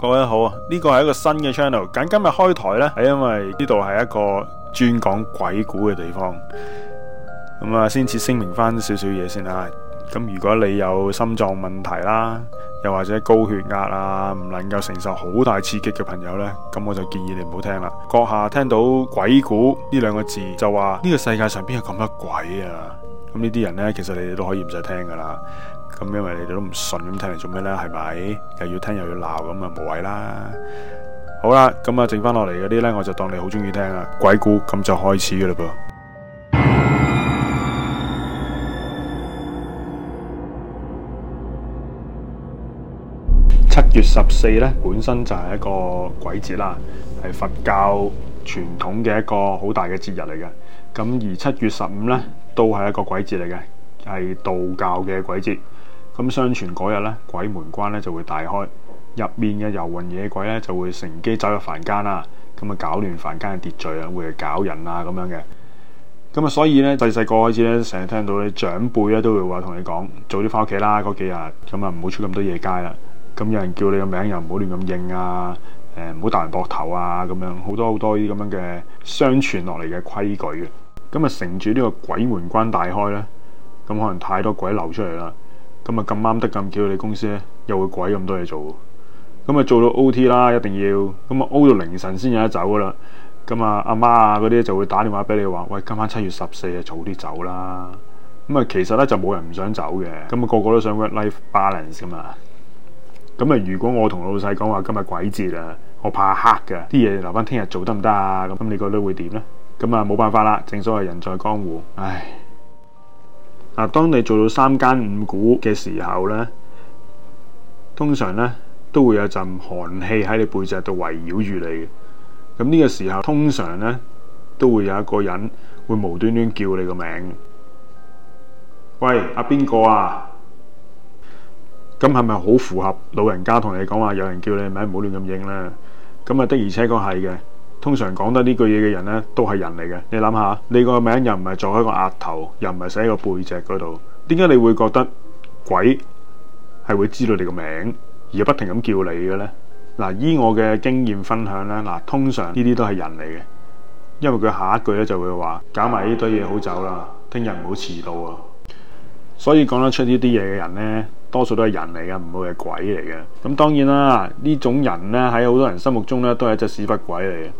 各位好啊，呢個係一個新嘅 channel，咁今日開台呢，係因為呢度係一個專講鬼故嘅地方。咁啊，先至聲明翻少少嘢先啦。咁如果你有心臟問題啦，又或者高血壓啊，唔能夠承受好大刺激嘅朋友呢，咁我就建議你唔好聽啦。閣下聽到鬼故呢兩個字，就話呢個世界上邊有咁乜鬼啊？咁呢啲人呢，其實你哋都可以唔使聽噶啦。咁因為你哋都唔信，咁聽嚟做咩呢？係咪又要聽又要鬧咁啊？無謂啦。好啦，咁啊，剩翻落嚟嗰啲呢，我就當你好中意聽啦。鬼故咁就開始嘅啦噃。七月十四呢，本身就係一個鬼節啦，係佛教傳統嘅一個好大嘅節日嚟嘅。咁而七月十五呢，都係一個鬼節嚟嘅，係道教嘅鬼節。咁相傳嗰日咧，鬼門關咧就會大開，入面嘅遊魂野鬼咧就會乘機走入凡間啦，咁啊搞亂凡間嘅秩序啊，會搞人啊咁樣嘅。咁啊，所以咧細細個開始咧，成日聽到你長輩咧都會話同你講：早啲翻屋企啦，嗰幾日咁啊，唔好出咁多夜街啦。咁有人叫你個名又唔好亂咁應啊，誒唔好拍人膊頭啊咁樣，好多好多依啲咁樣嘅相傳落嚟嘅規矩嘅。咁啊，乘住呢個鬼門關大開咧，咁可能太多鬼流出嚟啦。咁啊咁啱得咁巧，你公司咧又會鬼咁多嘢做，咁啊做到 OT 啦，一定要，咁啊 O 到凌晨先有得走噶啦。咁啊阿媽啊嗰啲就會打電話俾你話：喂，今晚七月十四啊，早啲走啦。咁啊其實咧就冇人唔想走嘅，咁啊個個都想 work-life balance 噶嘛。咁啊如果我同老細講話今日鬼節啊，我怕黑嘅，啲嘢留翻聽日做得唔得啊？咁你覺得會點咧？咁啊冇辦法啦，正所謂人在江湖，唉。嗱、啊，當你做到三間五股嘅時候咧，通常咧都會有陣寒氣喺你背脊度圍繞住你嘅。咁呢個時候通常咧都會有一個人會無端端叫你個名，喂，阿邊個啊？咁係咪好符合老人家同你講話有人叫你名，唔好亂咁應啦？咁啊的而且確係嘅。通常講得呢句嘢嘅人呢，都係人嚟嘅。你諗下，你個名又唔係坐喺個額頭，又唔係寫喺個背脊嗰度，點解你會覺得鬼係會知道你個名而不停咁叫你嘅呢？嗱，依我嘅經驗分享呢，嗱，通常呢啲都係人嚟嘅，因為佢下一句咧就會話搞埋呢堆嘢好走啦，聽日唔好遲到啊。所以講得出呢啲嘢嘅人呢，多數都係人嚟嘅，唔會係鬼嚟嘅。咁當然啦，呢種人呢，喺好多人心目中呢，都係一隻屎忽鬼嚟嘅。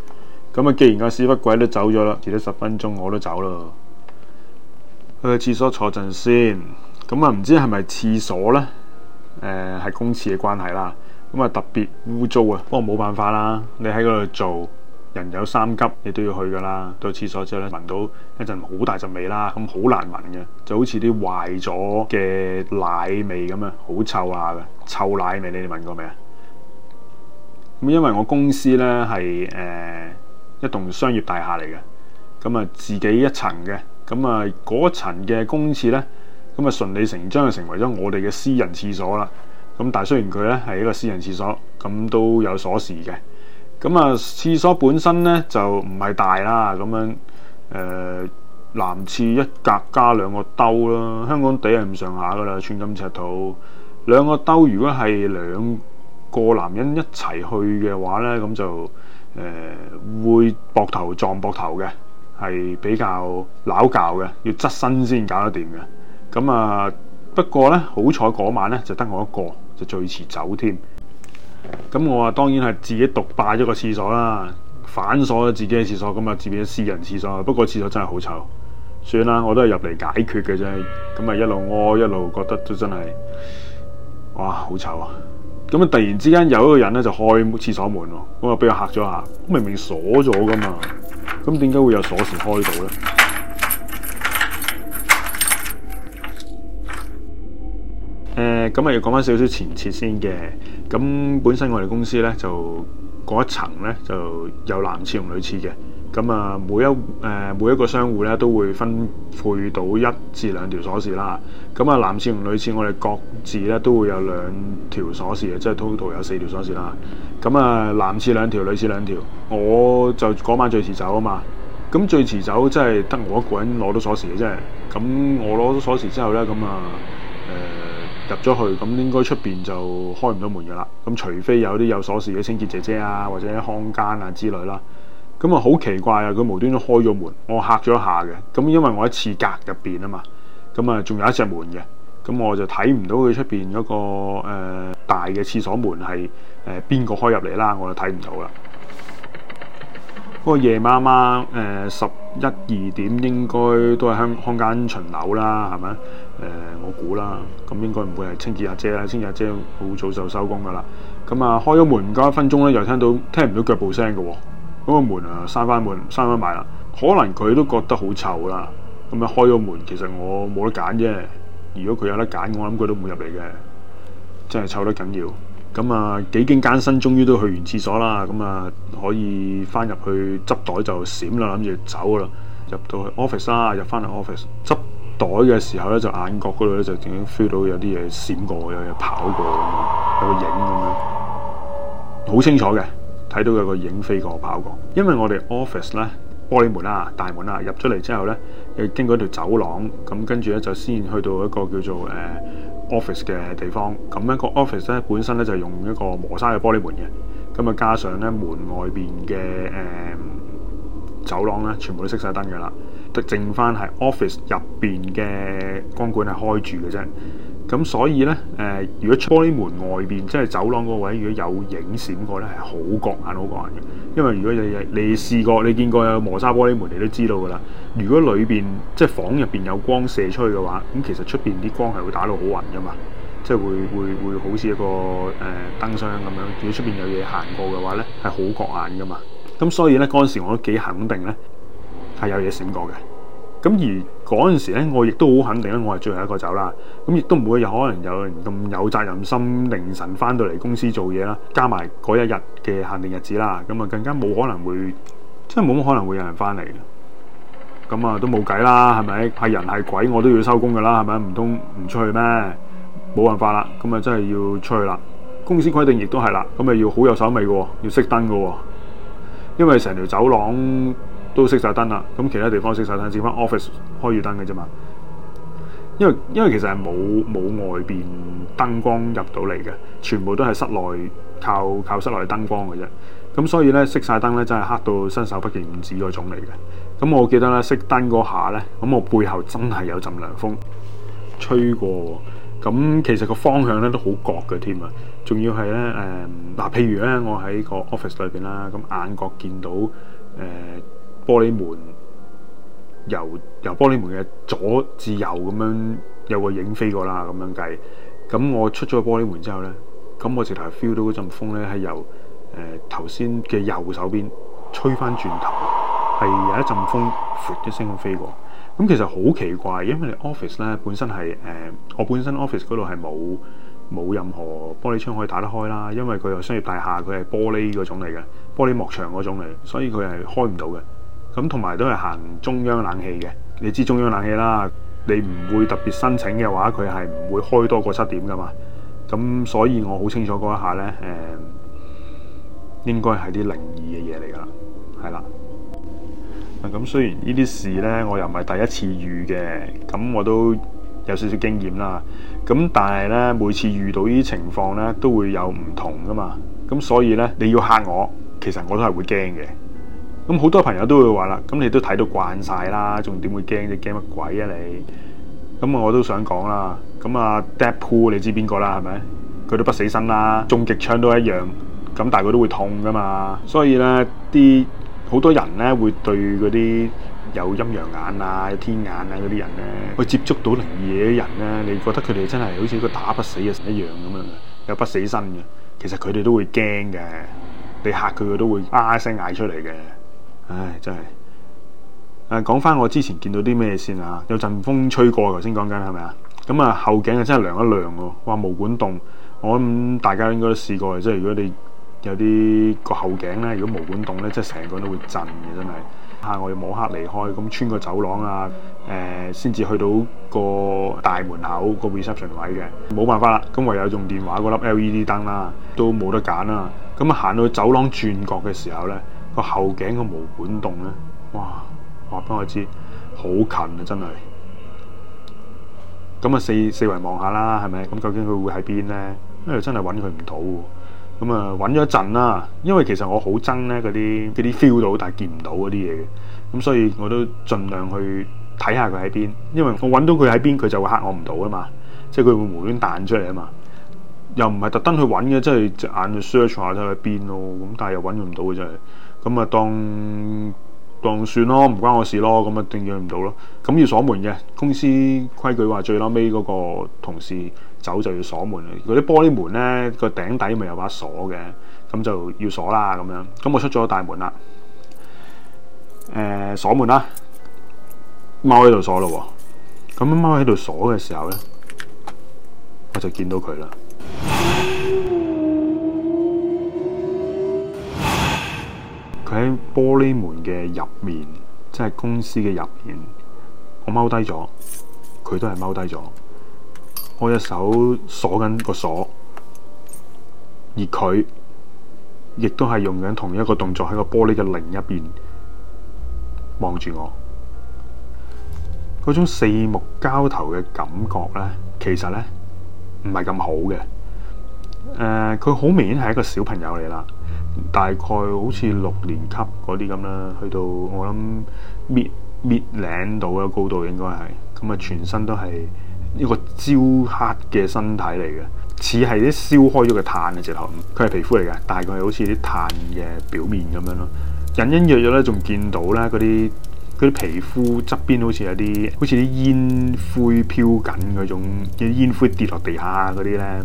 咁啊！既然個屎忽鬼都走咗啦，遲咗十分鐘我都走啦。去去廁所坐陣先。咁、嗯、啊，唔知係咪廁所咧？誒，係公廁嘅關係啦。咁啊，特別污糟啊。不過冇辦法啦。你喺嗰度做，人有三急，你都要去噶啦。到廁所之後咧，聞到一陣好大陣味啦，咁好難聞嘅，就好似啲壞咗嘅奶味咁啊，好臭啊嘅，臭奶味你哋聞過未啊？咁因為我公司咧係誒，一棟商業大廈嚟嘅，咁啊自己一層嘅，咁啊嗰層嘅公廁呢，咁啊順理成章就成為咗我哋嘅私人廁所啦。咁但係雖然佢呢係一個私人廁所，咁都有鎖匙嘅。咁啊廁所本身呢就唔係大啦，咁樣，誒男廁一格加兩個兜咯，香港地係咁上下㗎啦，寸金尺土。兩個兜如果係兩個男人一齊去嘅話呢，咁就～誒、呃，會膊頭撞膊頭嘅，係比較拗撬嘅，要側身先搞得掂嘅。咁啊，不過呢，好彩嗰晚呢，就得我一個，就最遲走添。咁我啊，當然係自己獨霸咗個廁所啦，反鎖咗自己嘅廁所，咁啊變咗自己私人廁所。不過廁所真係好臭，算啦，我都係入嚟解決嘅啫。咁啊一路屙，一路覺得都真係，哇，好臭啊！咁啊！突然之間有一個人咧就開廁所門喎，咁啊俾我嚇咗下。明明鎖咗噶嘛，咁點解會有鎖匙開到咧？誒、呃，咁啊要講翻少少前設先嘅。咁本身我哋公司咧就嗰一層咧就有男廁同女廁嘅。咁啊，每一誒、呃、每一個商戶咧都會分配到一至兩條鎖匙啦。咁啊，男廁同女廁，我哋各自咧都會有兩條鎖匙嘅，即係 total 有四條鎖匙啦。咁、嗯、啊，男廁兩條，女廁兩條。我就嗰晚最遲走啊嘛。咁最遲走，即係得我一個人攞到鎖匙嘅啫。咁我攞到鎖匙之後咧，咁啊誒入咗去，咁應該出邊就開唔到門㗎啦。咁除非有啲有鎖匙嘅清潔姐姐啊，或者看更啊之類啦。咁啊，好奇怪啊！佢無端端開咗門，我嚇咗一下嘅。咁因為我喺廁格入邊啊嘛。咁啊，仲有一隻門嘅，咁我就睇唔到佢出邊嗰個、呃、大嘅廁所門係誒邊個開入嚟啦，我就睇唔到啦。不過夜媽媽誒十一二點應該都係香康間巡樓啦，係咪啊？我估啦，咁應該唔會係清潔阿姐啦，清潔阿姐好早就收工噶啦。咁啊，開咗門唔夠一分鐘咧，又聽到聽唔到腳步聲嘅喎，嗰個門啊閂翻門閂翻埋啦，可能佢都覺得好臭啦。咁樣，開咗門，其實我冇得揀啫。如果佢有得揀，我諗佢都唔會入嚟嘅。真係湊得緊要。咁啊，幾經艱辛，終於都去完廁所啦。咁啊，可以翻入去執袋就閃啦，諗住走啦。入到去 office 啦，入翻嚟 office 執袋嘅時候咧，就眼角嗰度咧就已經 feel 到有啲嘢閃過，有嘢跑過，有個影咁樣，好清楚嘅，睇到有個影飛過跑過。因為我哋 office 咧。玻璃門啦、啊，大門啦、啊，入咗嚟之後呢，又經過一條走廊，咁跟住呢，就先去到一個叫做誒、呃、office 嘅地方。咁樣個 office 咧本身呢，就是、用一個磨砂嘅玻璃門嘅，咁啊加上呢門外邊嘅誒走廊呢，全部都熄晒燈㗎啦，都剩翻係 office 入邊嘅光管係開住嘅啫。咁所以咧，誒、呃，如果玻璃門外邊，即係走廊嗰位，如果有影閃過咧，係好覺眼好覺眼嘅。因為如果你你試過，你見過有磨砂玻璃門，你都知道噶啦。如果裏邊即係房入邊有光射出去嘅話，咁、嗯、其實出邊啲光係會打到好暈噶嘛，即係會會會好似一個誒、呃、燈箱咁樣。如果出邊有嘢行過嘅話咧，係好覺眼 a 噶嘛。咁所以咧，嗰陣時，我都幾肯定咧，係有嘢閃過嘅。咁而嗰陣時咧，我亦都好肯定咧，我係最後一個走啦。咁亦都唔會有可能有人咁有責任心，凌晨翻到嚟公司做嘢啦。加埋嗰一日嘅限定日子啦，咁啊更加冇可能會，即係冇可能會有人翻嚟。咁啊都冇計啦，係咪？係人係鬼，我都要收工噶啦，係咪？唔通唔出去咩？冇辦法啦，咁啊真係要出去啦。公司規定亦都係啦，咁啊要好有手尾嘅，要熄燈㗎，啊，因為成條走廊，都熄晒燈啦，咁其他地方熄晒燈，只翻 office 開住燈嘅啫嘛。因為因為其實係冇冇外邊燈光入到嚟嘅，全部都係室內靠靠室內嘅燈光嘅啫。咁所以咧熄晒燈咧真係黑到伸手不見五指嗰種嚟嘅。咁我記得咧熄燈嗰下咧，咁我背後真係有陣涼風吹過，哦。咁其實個方向咧都好焗嘅添啊。仲要係咧誒嗱，譬如咧我喺個 office 裏邊啦，咁眼角見到誒。呃玻璃門由由玻璃門嘅左至右咁樣有個影飛過啦，咁樣計，咁我出咗個玻璃門之後咧，咁我直頭係 feel 到嗰陣風咧係由誒頭先嘅右手邊吹翻轉頭，係有一陣風闊一聲咁飛過，咁其實好奇怪，因為你 office 咧本身係誒、呃、我本身 office 嗰度係冇冇任何玻璃窗可以打得開啦，因為佢有商業大廈，佢係玻璃嗰種嚟嘅，玻璃幕牆嗰種嚟，所以佢係開唔到嘅。咁同埋都係行中央冷氣嘅，你知中央冷氣啦，你唔會特別申請嘅話，佢係唔會開多過七點噶嘛。咁所以我好清楚嗰一下呢，誒、嗯、應該係啲靈異嘅嘢嚟噶啦，係啦。咁雖然呢啲事呢，我又唔係第一次遇嘅，咁我都有少少經驗啦。咁但係呢，每次遇到呢啲情況呢，都會有唔同噶嘛。咁所以呢，你要嚇我，其實我都係會驚嘅。咁好多朋友都會話啦，咁你都睇到慣晒啦，仲點會驚啫？驚乜鬼啊你？咁啊，我都想講啦。咁啊，Deadpool 你知邊個啦？係咪？佢都不死身啦，中極槍都一樣。咁但係佢都會痛噶嘛。所以咧，啲好多人咧會對嗰啲有陰陽眼啊、天眼啊嗰啲人咧，去接觸到靈異嘅人咧，你覺得佢哋真係好似個打不死嘅神一樣咁啊？有不死身嘅，其實佢哋都會驚嘅。你嚇佢，佢都會啊聲嗌出嚟嘅。唉，真係！誒、啊，講翻我之前見到啲咩先啊？有陣風吹過頭先講緊係咪啊？咁啊，後頸啊真係涼一涼喎、啊，話毛管戙，我諗大家應該都試過嘅，即係如果你有啲個後頸咧，如果毛管戙咧，即係成個人都會震嘅，真係嚇！我要摸黑離開，咁穿個走廊啊，誒、呃，先至去到個大門口個 reception 位嘅，冇辦法啦，咁唯有用電話嗰粒 LED 燈啦、啊，都冇得揀啦、啊，咁啊行到走廊轉角嘅時候咧。個後頸個毛管戙咧，哇！話俾我知好近啊，真係咁啊。四四圍望下啦，係咪？咁究竟佢會喺邊咧？因為真係搵佢唔到，咁啊搵咗一陣啦。因為其實我好憎咧嗰啲嗰啲 feel 到，但係見唔到嗰啲嘢嘅。咁所以我都盡量去睇下佢喺邊，因為我搵到佢喺邊，佢就會吓我唔到啊嘛。即係佢會無端彈出嚟啊嘛。又唔係特登去搵嘅，即係隻眼 search 下睇下喺邊咯。咁但係又搵佢唔到嘅，真係。咁啊，當當算咯，唔關我事咯，咁啊，定約唔到咯，咁要鎖門嘅，公司規矩話最拉尾嗰個同事走就要鎖門，嗰啲玻璃門咧個頂底咪有把鎖嘅，咁就要鎖啦，咁樣，咁我出咗大門啦，誒，鎖門啦，貓喺度鎖咯，咁貓喺度鎖嘅時候咧，我就見到佢啦。佢喺玻璃門嘅入面，即係公司嘅入面，我踎低咗，佢都係踎低咗。我隻手鎖緊個鎖，而佢亦都係用緊同一個動作喺個玻璃嘅另一邊望住我。嗰種四目交投嘅感覺咧，其實咧唔係咁好嘅。誒、呃，佢好明顯係一個小朋友嚟啦。大概好似六年級嗰啲咁啦，去到我諗搣滅嶺度嘅高度應該係，咁啊全身都係一個焦黑嘅身體嚟嘅，似係啲燒開咗嘅炭嘅直頭，佢係皮膚嚟嘅，大概佢係好似啲炭嘅表面咁樣咯。隱隱約約咧，仲見到咧嗰啲啲皮膚側邊好似有啲，好似啲煙灰飄緊嗰種，啲煙灰跌落地下嗰啲咧，誒、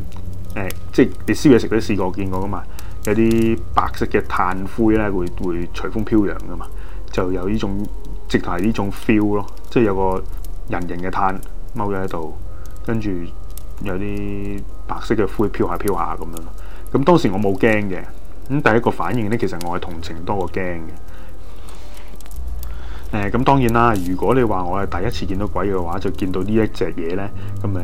欸，即係你燒嘢食嗰啲試過見過噶嘛？有啲白色嘅碳灰咧，會會隨風飄揚噶嘛，就有呢種直頭係呢種 feel 咯，即係有個人形嘅碳踎咗喺度，跟住有啲白色嘅灰飄下飄下咁樣。咁當時我冇驚嘅，咁第一個反應咧，其實我係同情多過驚嘅。誒、呃，咁當然啦，如果你話我係第一次見到鬼嘅話，就見到呢一隻嘢咧，咁咪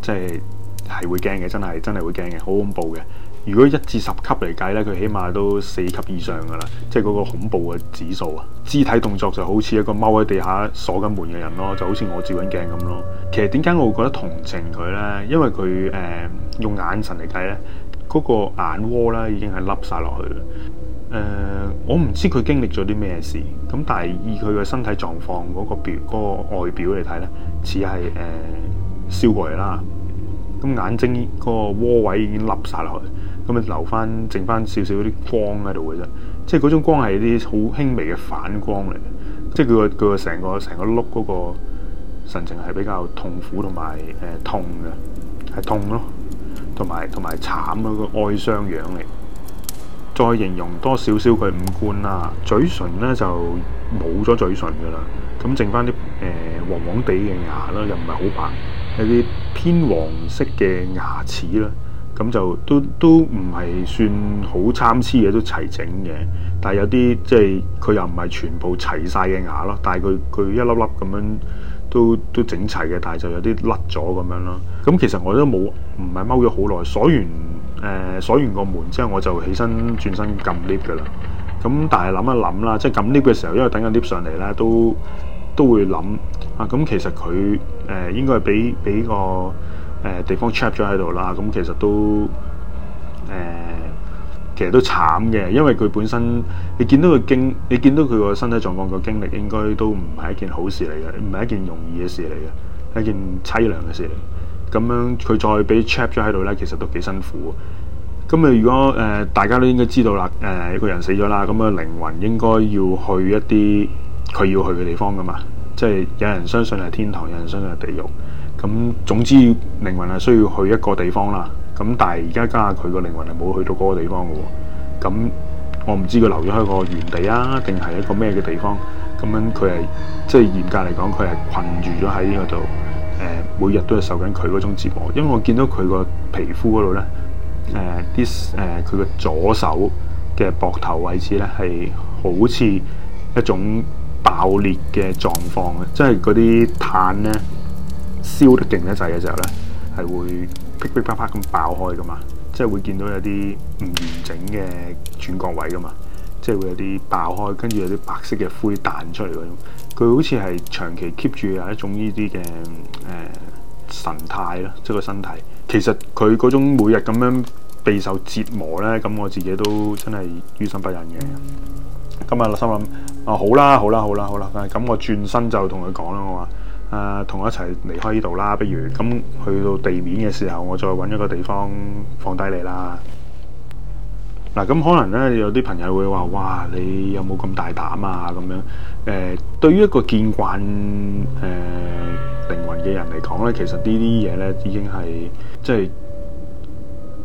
即係係會驚嘅，真係真係會驚嘅，好恐怖嘅。如果一至十級嚟計咧，佢起碼都四級以上㗎喇，即係嗰個恐怖嘅指數啊！肢體動作就好似一個踎喺地下鎖緊門嘅人咯，就好似我照緊鏡咁咯。其實點解我會覺得同情佢咧？因為佢誒、呃、用眼神嚟計咧，嗰、那個眼窩咧已經係凹晒落去啦。誒、呃，我唔知佢經歷咗啲咩事，咁但係以佢嘅身體狀況嗰個表嗰、那個、外表嚟睇咧，似係誒燒過嚟啦。咁眼睛嗰個窩位已經凹晒落去。咁啊，留翻剩翻少少啲光喺度嘅啫，即係嗰種光係啲好輕微嘅反光嚟嘅，即係佢個佢個成個成個碌嗰個神情係比較痛苦同埋誒痛嘅，係痛咯，同埋同埋慘嗰個哀傷樣嚟。再形容多少少佢五官啦，嘴唇咧就冇咗嘴唇噶啦，咁剩翻啲誒黃黃地嘅牙啦，又唔係好白，有啲偏黃色嘅牙齒啦。咁就都都唔係算好參差嘅，都齊整嘅。但係有啲即係佢又唔係全部齊晒嘅牙咯。但係佢佢一粒粒咁樣都都整齊嘅。但係就有啲甩咗咁樣咯。咁其實我都冇唔係踎咗好耐。鎖完誒、呃、鎖完個門之後，我就起身轉身撳 lift 嘅啦。咁但係諗一諗啦，即係撳 lift 嘅時候，因為等緊 lift 上嚟咧，都都會諗啊。咁其實佢誒、呃、應該係俾俾個。誒、呃、地方 trapped 咗喺度啦，咁其實都誒、呃，其實都慘嘅，因為佢本身你見到佢經，你見到佢個身體狀況個經歷，應該都唔係一件好事嚟嘅，唔係一件容易嘅事嚟嘅，係一件淒涼嘅事嚟。咁樣佢再俾 trapped 咗喺度咧，其實都幾辛苦。咁、嗯、啊，如果誒、呃、大家都應該知道啦，誒、呃、一個人死咗啦，咁、那、啊、個、靈魂應該要去一啲佢要去嘅地方噶嘛，即係有人相信係天堂，有人相信係地獄。咁，總之靈魂係需要去一個地方啦。咁但係而家加下佢個靈魂係冇去到嗰個地方嘅喎。咁、嗯、我唔知佢留咗喺個原地啊，定係一個咩嘅地方？咁樣佢係即係嚴格嚟講，佢係困住咗喺呢個度。誒、呃，每日都係受緊佢嗰種折磨，因為我見到佢個皮膚嗰度咧，誒啲誒佢個左手嘅膊頭位置咧係好似一種爆裂嘅狀況啊！即係嗰啲碳咧。燒得勁一滯嘅時候咧，係會噼噼啪啪咁爆開噶嘛，即係會見到有啲唔完整嘅轉角位噶嘛，即係會有啲爆開，跟住有啲白色嘅灰彈出嚟嗰種，佢好似係長期 keep 住有一種呢啲嘅誒神態咯，即係個身體。其實佢嗰種每日咁樣備受折磨咧，咁我自己都真係於心不忍嘅。咁啊、嗯，我心諗啊，好啦，好啦，好啦，好啦，咁我轉身就同佢講啦，我話。誒，同、啊、我一齊離開呢度啦，不如咁去到地面嘅時候，我再揾一個地方放低你啦。嗱、啊，咁可能呢，有啲朋友會話：「哇，你有冇咁大膽啊？」咁樣誒、呃，對於一個見慣誒、呃、靈魂嘅人嚟講呢，其實呢啲嘢呢已經係即係。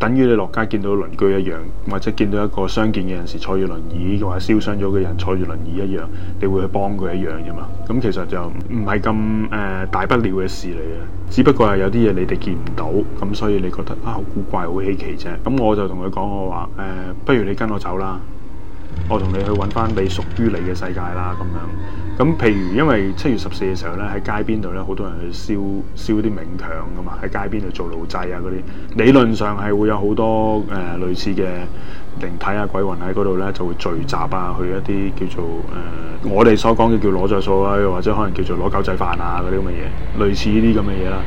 等於你落街見到鄰居一樣，或者見到一個相見嘅人士坐住輪椅，或者燒傷咗嘅人坐住輪椅一樣，你會去幫佢一樣啫嘛。咁其實就唔係咁誒大不了嘅事嚟嘅，只不過係有啲嘢你哋見唔到，咁所以你覺得啊好古怪好稀奇啫。咁我就同佢講，我話誒、呃，不如你跟我走啦。我同你去揾翻你屬於你嘅世界啦，咁樣咁譬如因為七月十四嘅時候呢，喺街邊度呢，好多人去燒燒啲冥鏹㗎嘛，喺街邊度做路祭啊嗰啲，理論上係會有好多誒、呃、類似嘅靈體啊鬼魂喺嗰度呢，就會聚集啊，去一啲叫做誒、呃、我哋所講嘅叫攞著數啊，又或者可能叫做攞狗仔飯啊嗰啲咁嘅嘢，類似呢啲咁嘅嘢啦。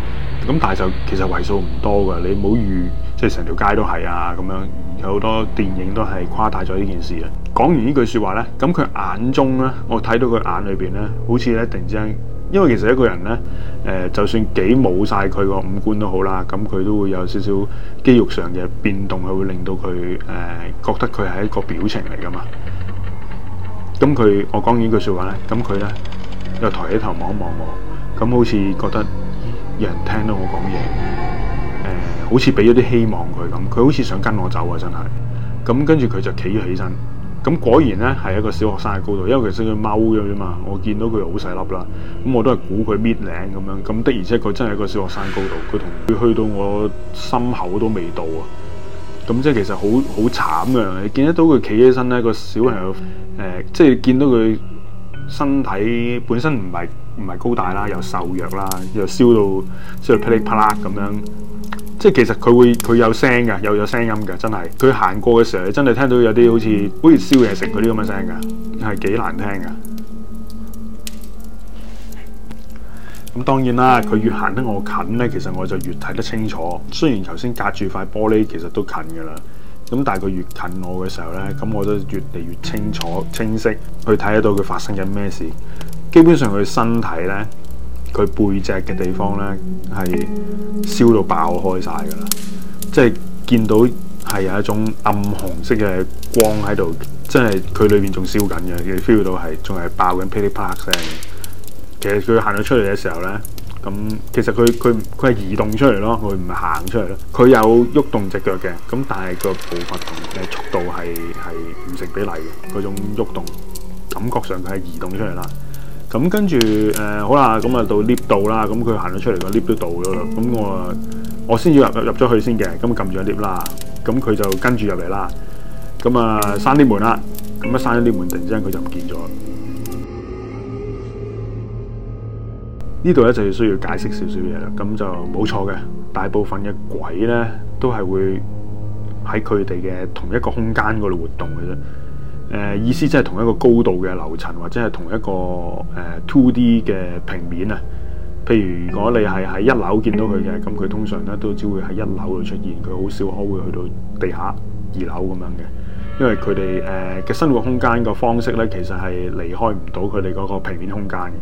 咁但係就其實為數唔多噶，你唔好預即係成條街都係啊咁樣。有好多電影都係誇大咗呢件事啊！講完呢句說話呢，咁佢眼中呢，我睇到佢眼裏邊呢，好似咧突然之間，因為其實一個人呢，誒、呃，就算幾冇晒佢個五官都好啦，咁佢都會有少少肌肉上嘅變動，係會令到佢誒、呃、覺得佢係一個表情嚟㗎嘛。咁佢我講完呢句說話呢，咁佢呢，又抬起頭望一望我，咁好似覺得有人聽到我講嘢。呃、好似俾咗啲希望佢咁，佢好似想跟我走啊！真係，咁跟住佢就企咗起身，咁果然咧係一個小學生嘅高度，因為其實佢踎咗啫嘛。我見到佢好細粒啦，咁我都係估佢搣 i d 領咁樣，咁的而且佢真係一個小學生高度，佢同佢去到我心口都未到啊！咁即係其實好好慘嘅，你見得到佢企起身咧，個小朋友誒，即係見到佢身體本身唔係。唔係高大啦，又瘦弱啦，又燒到燒到噼里啪啦咁樣，即係其實佢會佢有聲嘅，又有聲音嘅，真係佢行過嘅時候，你真係聽到有啲好似好似燒嘢食嗰啲咁嘅聲嘅，係幾難聽嘅。咁當然啦，佢越行得我近咧，其實我就越睇得清楚。雖然頭先隔住塊玻璃，其實都近嘅啦。咁但係佢越近我嘅時候咧，咁我都越嚟越清楚清晰去睇得到佢發生緊咩事。基本上佢身體咧，佢背脊嘅地方咧係燒到爆開晒噶啦，即係見到係有一種暗紅色嘅光喺度，即係佢裏邊仲燒緊嘅。你 feel 到係仲係爆緊噼里啪啦聲嘅。其實佢行咗出嚟嘅時候咧，咁其實佢佢佢係移動出嚟咯，佢唔係行出嚟咯。佢有喐動隻腳嘅，咁但係個步伐同嘅速度係係唔成比例嘅嗰種喐動，動感覺上佢係移動出嚟啦。咁跟住，誒、呃、好啦，咁、嗯、啊到 lift 到啦，咁佢行咗出嚟個 lift 都到咗啦。咁、嗯、我啊，我先要入入咗去先嘅，咁啊撳住 lift 啦，咁佢、嗯嗯、就跟住入嚟啦。咁啊，閂啲門啦，咁啊，閂咗啲門，突然之間佢就唔見咗。呢度咧就要需要解釋少少嘢啦。咁就冇錯嘅，大部分嘅鬼咧都係會喺佢哋嘅同一個空間嗰度活動嘅啫。誒意思即係同一個高度嘅樓層，或者係同一個誒 two、呃、D 嘅平面啊。譬如如果你係喺一樓見到佢嘅，咁佢通常咧都只會喺一樓度出現，佢好少可會去到地下二樓咁樣嘅。因為佢哋誒嘅生活空間個方式咧，其實係離開唔到佢哋嗰個平面空間嘅。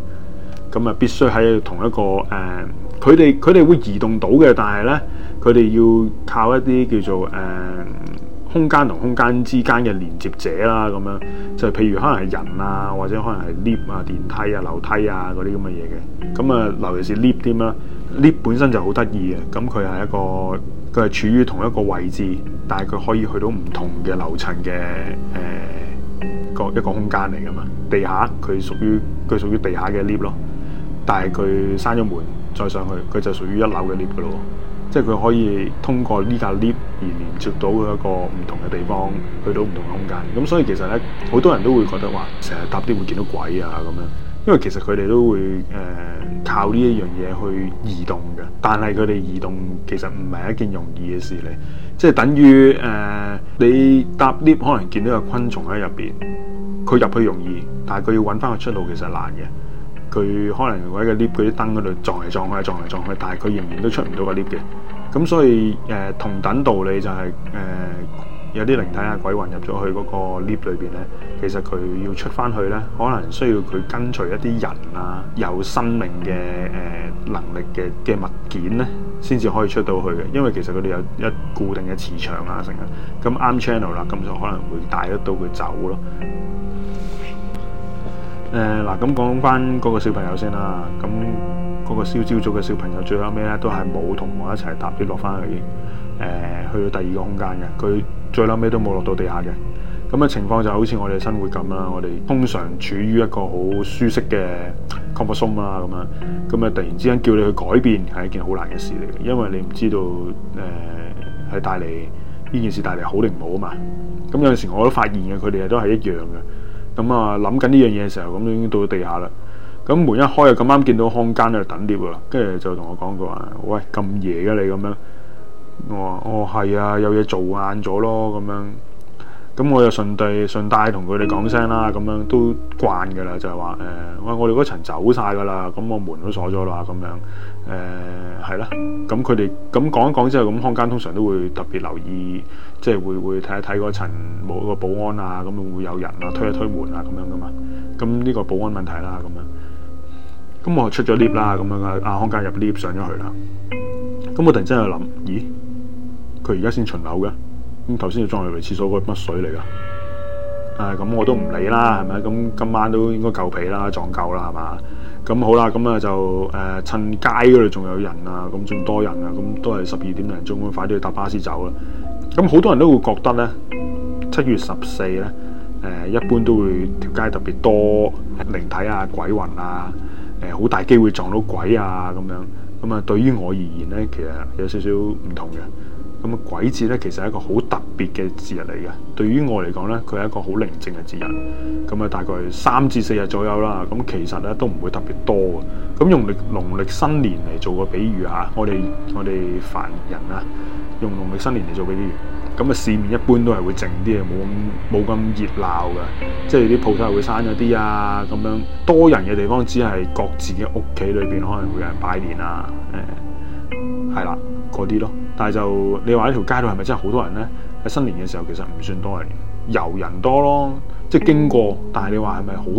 咁啊，必須喺同一個誒，佢哋佢哋會移動到嘅，但係咧，佢哋要靠一啲叫做誒。呃空間同空間之間嘅連接者啦，咁樣就係、譬如可能係人啊，或者可能係 lift 啊、電梯啊、樓梯啊嗰啲咁嘅嘢嘅。咁啊，尤其是 lift 添啦，lift 本身就好得意嘅。咁佢係一個，佢係處於同一個位置，但係佢可以去到唔同嘅樓層嘅誒個一個空間嚟噶嘛。地下佢屬於，佢屬於地下嘅 lift 咯，但係佢閂咗門再上去，佢就屬於一樓嘅 lift 噶咯。即係佢可以通過呢架 lift 而連接到一個唔同嘅地方，去到唔同嘅空間。咁所以其實咧，好多人都會覺得話，成日搭 lift 會見到鬼啊咁樣。因為其實佢哋都會誒、呃、靠呢一樣嘢去移動嘅，但係佢哋移動其實唔係一件容易嘅事嚟。即係等於誒、呃，你搭 lift 可能見到個昆蟲喺入邊，佢入去容易，但係佢要搵返個出路其實難嘅。佢可能會喺 lift 嗰啲燈嗰度撞嚟撞去，撞嚟撞去，但係佢仍然都出唔到個 lift 嘅。咁所以誒同等道理就係誒有啲靈體啊鬼魂入咗去嗰個 lift 裏邊咧，其實佢要出翻去咧，可能需要佢跟隨一啲人啊有生命嘅誒能力嘅嘅物件咧，先至可以出到去嘅。因為其實佢哋有一固定嘅磁場啊成日，咁啱 channel 啦，咁就可能會帶得到佢走咯。誒，嗱咁講翻嗰個小朋友先啦，咁嗰個燒焦咗嘅小朋友最後尾咧都係冇同我一齊搭車落翻去誒、呃，去到第二個空間嘅，佢最後尾都冇落到地下嘅。咁嘅情況就好似我哋生活咁啦，我哋通常處於一個好舒適嘅 comfort zone 啦，咁樣咁啊突然之間叫你去改變係一件好難嘅事嚟嘅，因為你唔知道誒係帶嚟呢件事帶嚟好定唔好啊嘛。咁有陣時我都發現嘅，佢哋都係一樣嘅。咁啊，諗緊呢樣嘢嘅時候，咁已經到咗地下啦。咁、嗯、門一開啊，咁啱見到空間喺度等 lift 啦，跟住就同我講佢話：喂，咁夜嘅你咁樣？我話：哦，係啊，有嘢做晏咗咯，咁樣。咁我又順帶順帶同佢哋講聲啦，咁樣都慣㗎啦，就係話誒，餵、呃、我哋嗰層走晒噶啦，咁我門都鎖咗啦，咁樣誒係啦。咁佢哋咁講一講之後，咁康間通常都會特別留意，即係會會睇一睇嗰層冇個保安啊，咁會有人啊，推一推門啊，咁樣噶嘛。咁呢個保安問題啦，咁樣。咁我出咗 lift 啦，咁樣啊阿康間入 lift 上咗去啦。咁我突然之間諗，咦？佢而家先巡樓嘅？咁頭先要撞入嚟廁所嗰乜水嚟噶？誒、啊、咁我都唔理啦，係咪？咁今晚都應該夠皮啦，撞夠啦，係嘛？咁好啦，咁啊就誒、呃、趁街嗰度仲有人啊，咁仲多人啊，咁都係十二點零鐘，咁快啲去搭巴士走啦。咁好多人都會覺得咧，七月十四咧，誒、呃、一般都會條街特別多靈體啊、鬼魂啊，誒、呃、好大機會撞到鬼啊咁樣。咁啊，對於我而言咧，其實有少少唔同嘅。咁啊，鬼節咧，其實係一個好特別嘅節日嚟嘅。對於我嚟講咧，佢係一個好寧靜嘅節日。咁啊，大概三至四日左右啦。咁其實咧都唔會特別多。咁用曆農曆新年嚟做個比喻吓，啊，我哋我哋凡人啊，用農曆新年嚟做比喻，咁啊市面一般都係會靜啲嘅，冇咁冇咁熱鬧噶即係啲鋪頭係會閂咗啲啊，咁樣多人嘅地方只係各自嘅屋企裏邊可能會有人拜年啊，誒、欸，係啦，嗰啲咯。但係就你話呢條街道係咪真係好多人呢？喺新年嘅時候其實唔算多人，遊人多咯，即係經過。但係你話係咪好熱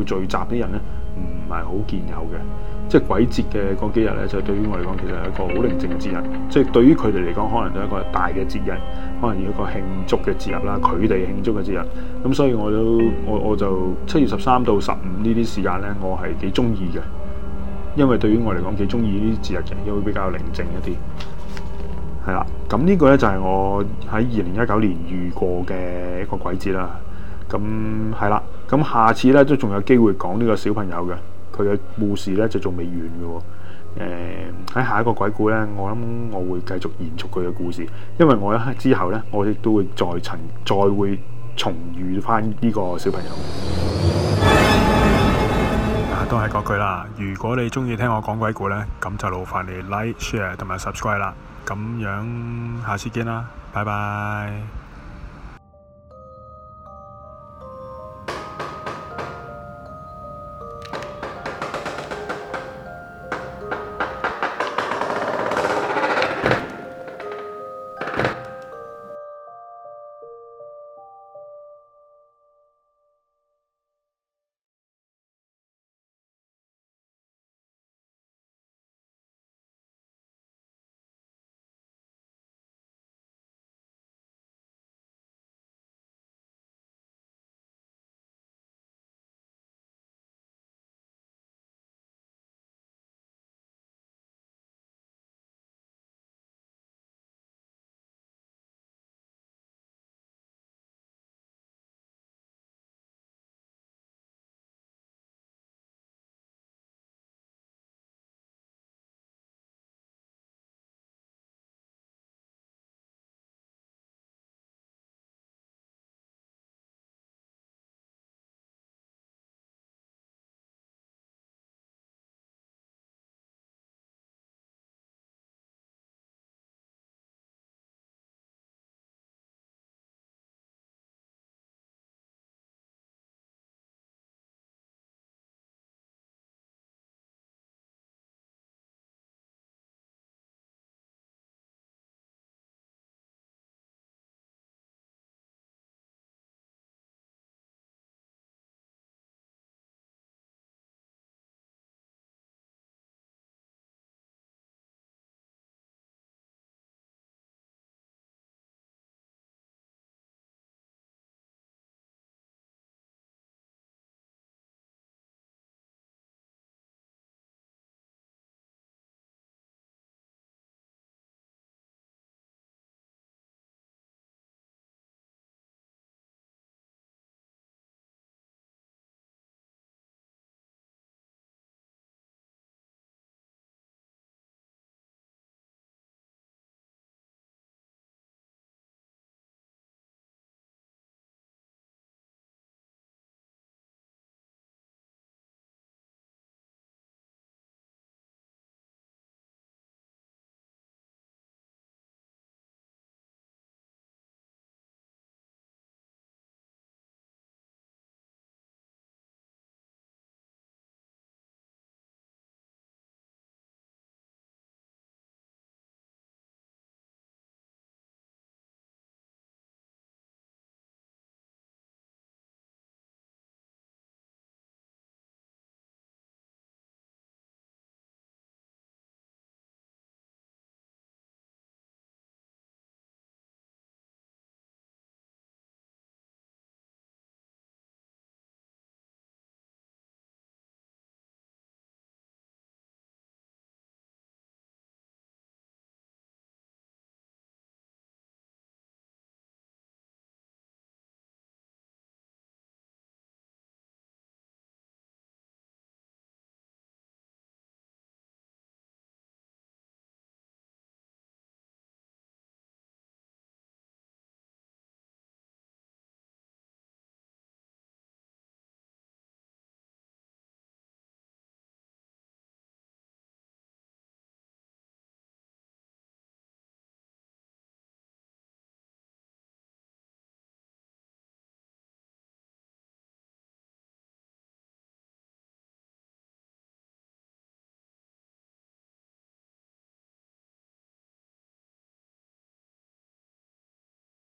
鬧聚集啲人呢？唔係好見有嘅。即係鬼節嘅嗰幾日呢，就對於我嚟講其實係一個好寧靜嘅節日。即係對於佢哋嚟講，可能都係一個大嘅節日，可能要一個慶祝嘅節日啦，佢哋慶祝嘅節日。咁所以我都我我就七月十三到十五呢啲時間呢，我係幾中意嘅，因為對於我嚟講幾中意呢啲節日嘅，因為比較寧靜一啲。係啦，咁呢個呢，就係我喺二零一九年遇過嘅一個鬼節啦。咁係啦，咁下次呢，都仲有機會講呢個小朋友嘅佢嘅故事呢，就仲未完嘅。誒、呃，喺下一個鬼故呢，我諗我會繼續延續佢嘅故事，因為我咧之後呢，我亦都會再重、再會重遇翻呢個小朋友。都係嗰句啦，如果你中意聽我講鬼故呢，咁就勞煩你 like share,、share 同埋 subscribe 啦。咁樣，下次見啦，拜拜。